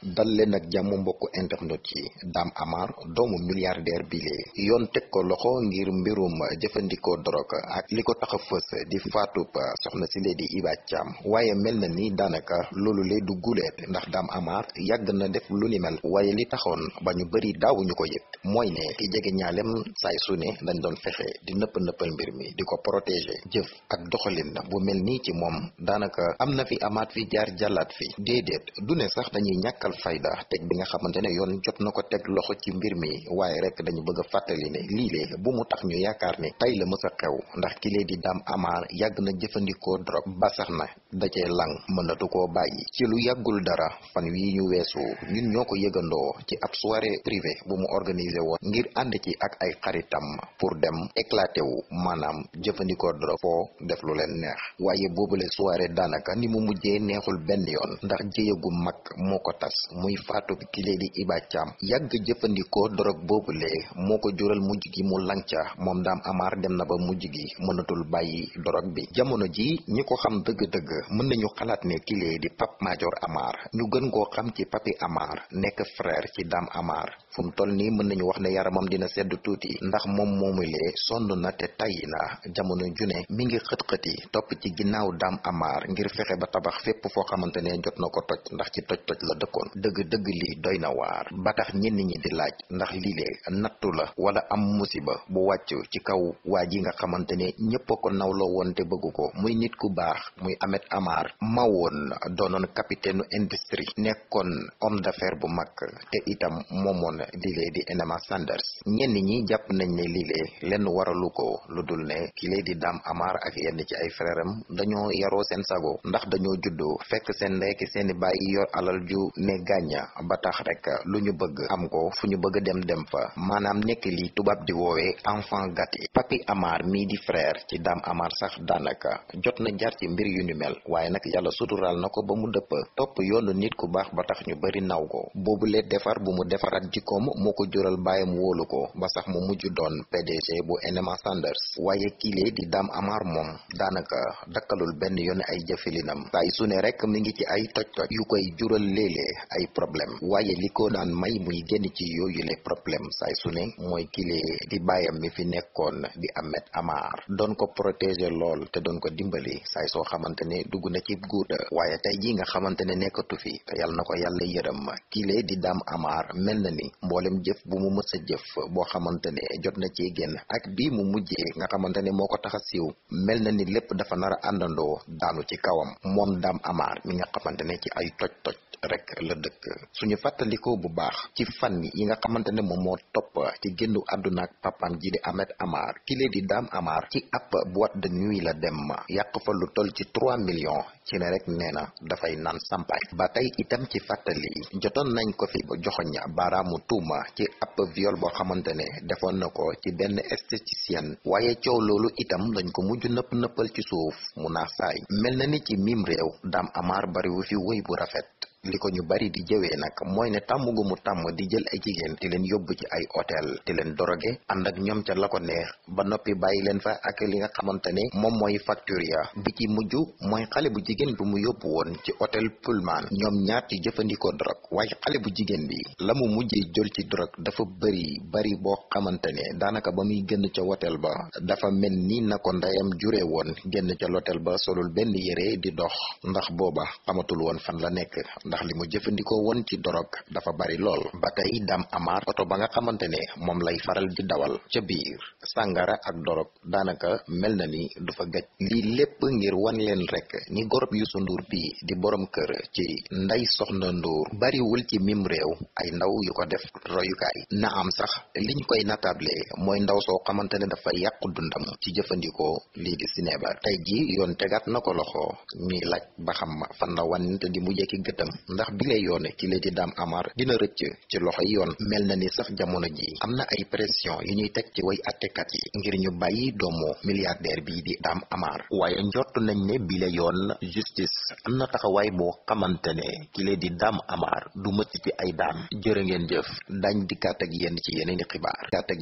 dal leen ak jàmm mbokku internet yi Dame Amar doomu milliardaire bi yoon teg ko loxo ngir mbirum jëfandikoo drogue ak li ko tax a fës di faatub soxna si lee di Hiba Thiam waaye mel na ni daanaka loolu lee du guleet ndax Dame Amar yàgg na def lu ni mel waaye li taxoon ba ñu bëri daawuñu ko yëg mooy ne ki jege ñaalem saay su ne dañ doon fexe di nëpp nëppal mbir mi di ko protéger jëf ak doxalin bu mel nii ci moom daanaka am na fi amaat fi jaar jàllaat fi déedéet sax dañuy ñàkkal ñàkkal fayda teg bi nga xamante ne yoon jot na ko teg loxo ci mbir mi waaye rek dañu bëgg a fàttali ne lii bu mu tax ñu yaakaar ne tey la mës a xew ndax ki lee di daam amaar yàgg na jëfandikoo drogue ba na na dacee lang mënatu koo bàyyi ci lu yàggul dara fan wii ñu weesu ñun ñoo ko yëgandoo ci ab soirée privée bu mu organisé woon ngir ànd ci ak ay xaritam pour dem éclaté wu maanaam jëfandikoo drogue foo def lu leen neex waaye boobule soirée daanaka ni mu mujjee neexul benn muy faatu kile di Iba Thiam yàgg jëfandikoo dorog boobulee moo ko jural mujj gi mu lanca moom daam amaar dem na ba mujj gi mënatul bàyyi dorog bi jamono ji ñi ko xam dëgg-dëgg mën nañu xalaat ne kile di Pape Madior Amar ñu gën koo xam ci Papi Amar nekk frère ci Dame Amar fu mu toll nii mën nañu wax ne yaramam dina sedd tuuti ndax moom moomulee sonn na te tayyi na jamono june mi ngi xët-xëti topp ci ginnaaw Dame Amar ngir fexe ba tabax fépp foo xamante ne jot na ko toj ndax ci toj-toj la dëkkoon dëgg-dëgg li doy na waar ba tax ñenn ñi di laaj ndax lile nattu la wala am musiba bu wàcc ci kaw waa ji nga xamante ne ñëpp a ko nawloo woon te bëggu ko muy nit ku baax muy Amet Amar mawoon doonoon capitaine industrie nekkoon homme d'affaires bu mag te itam moomoon lile di Enema Sanders ñenn ñi jàpp nañ ne lile lenn waralu ko lu dul ne ki lay di Dame Amar ak yenn ci ay frères dañoo yaroo seen sago ndax dañoo juddoo fekk seen ndey seeni seen baay gàñña ba tax rek lu ñu bëgg am ko fu ñu bëgg dem dem fa maanaam nekk li tubaab di woowee enfant gâté papi Amar mii di frère ci Dame Amar sax daanaka jot na jar ci mbir yu ni mel waaye nag yàlla suturaal na ko ba mu dëpp topp yoonu nit ku baax ba tax ñu bari naw ko boobu boobulee defar bu mu defaraat jikkoom moo ko jural bàyyam woolu ko ba sax mu mujj doon PDG bu NMA Sanders waaye kiilee di Dame Amar moom daanaka dakkalul benn yoon ay jëfelinam saa su ne rek mi ngi ci ay toj yu koy jural léeg ay problème waaye li ko daan may muy génn ci yooyu les problème saay su ne mooy kilee di baayam mi fi nekkoon di Ahmed Amar doon ko protéger lool te doon ko dimbali saay soo xamante ne dugg na ci guuta waaye tey ji nga xamante ne nekkatu fi te yàlla na ko yàlla yërëm kilee di Dame Amar mel na ni mboolem jëf bu mu mës a jëf boo xamante ne jot na ci génn ak bii mu mujjee nga xamante ne moo ko tax a siiw mel na ni lépp dafa nar a àndandoo daanu ci kawam moom Dame mi nga xamante ne ci ay toj rek la dëkk suñu fàttalikoo bu baax ci fan yi nga xamante ne moom moo topp ci génnu àdduna ak papaam ji di Ahmed Amar kile di Dame amaar ci ab boîte de nuit la dem yàq fa lu toll ci 3 millions ci ne rek nee na dafay naan sampaay ba tey itam ci fàttali jotoon nañ ko fi joxoñ baaraamu tuuma ci ab viol boo xamante ne defoon na ko ci benn esthéticienne waaye coow loolu itam dañ ko mujj nëpp nëppal ci suuf mu naax saay mel na ni ci mim réew Dame Amar bariwu fi woy rafet li ko ñu bari di jëwee nag mooy ne tàmm gu mu tàmm di jël ay jigéen di leen yóbbu ci ay hôtel di leen doroge ànd ak ñoom ca la ko neex ba noppi bàyyi leen fa ak li nga xamante ne moom mooy facture ya bi ci mujj mooy xale bu jigéen bi mu yóbbu woon ci hôtel Pullman ñoom ñaar ci jëfandikoo drogue waaye xale bu jigéen bi la mu mujjee jël ci drogue dafa bëri bari boo xamante ne daanaka ba muy génn ca hôtel ba dafa mel nii na ko ndeyam juree woon génn ca hôtel ba solul benn yére di dox ndax booba amatul woon fan la nekk ndax li mu jëfandikoo woon ci dorog dafa bari lool ba tey dam amaar oto ba nga xamante ne moom lay faral di dawal ca biir sàngara ak dorog daanaka mel na ni du fa gaj lii lépp ngir wan leen rek ni gorob Youssou Ndour bi di borom kër ci nday Soxna nduur bariwul ci mim réew ay ndaw yu ko def royukaay na am sax liñ koy natable mooy ndaw soo xamante ne dafa yàqu dundam ci jëfandikoo lii di sinébar tey ji yoon tegaat na ko loxo ñuy laaj ba xam fan la wante di mujjee ki gëtam ndax bile yoone kile di Dame Amar dina rëcc ci loxo yi yoon mel na ni sax jamono ji am na ay pression yu ñuy teg ci way attekat yi ngir ñu bàyyi doomo milliardaire bi di Dame Amar waaye njort nañ ne bile yoon justice am na taxawaay boo xamante ne kile di Dame Amar du mëcc ci ay daan jërë ngeen jëf dañ di kàtt ak yenn ci yeneen i xibaar kàtt ak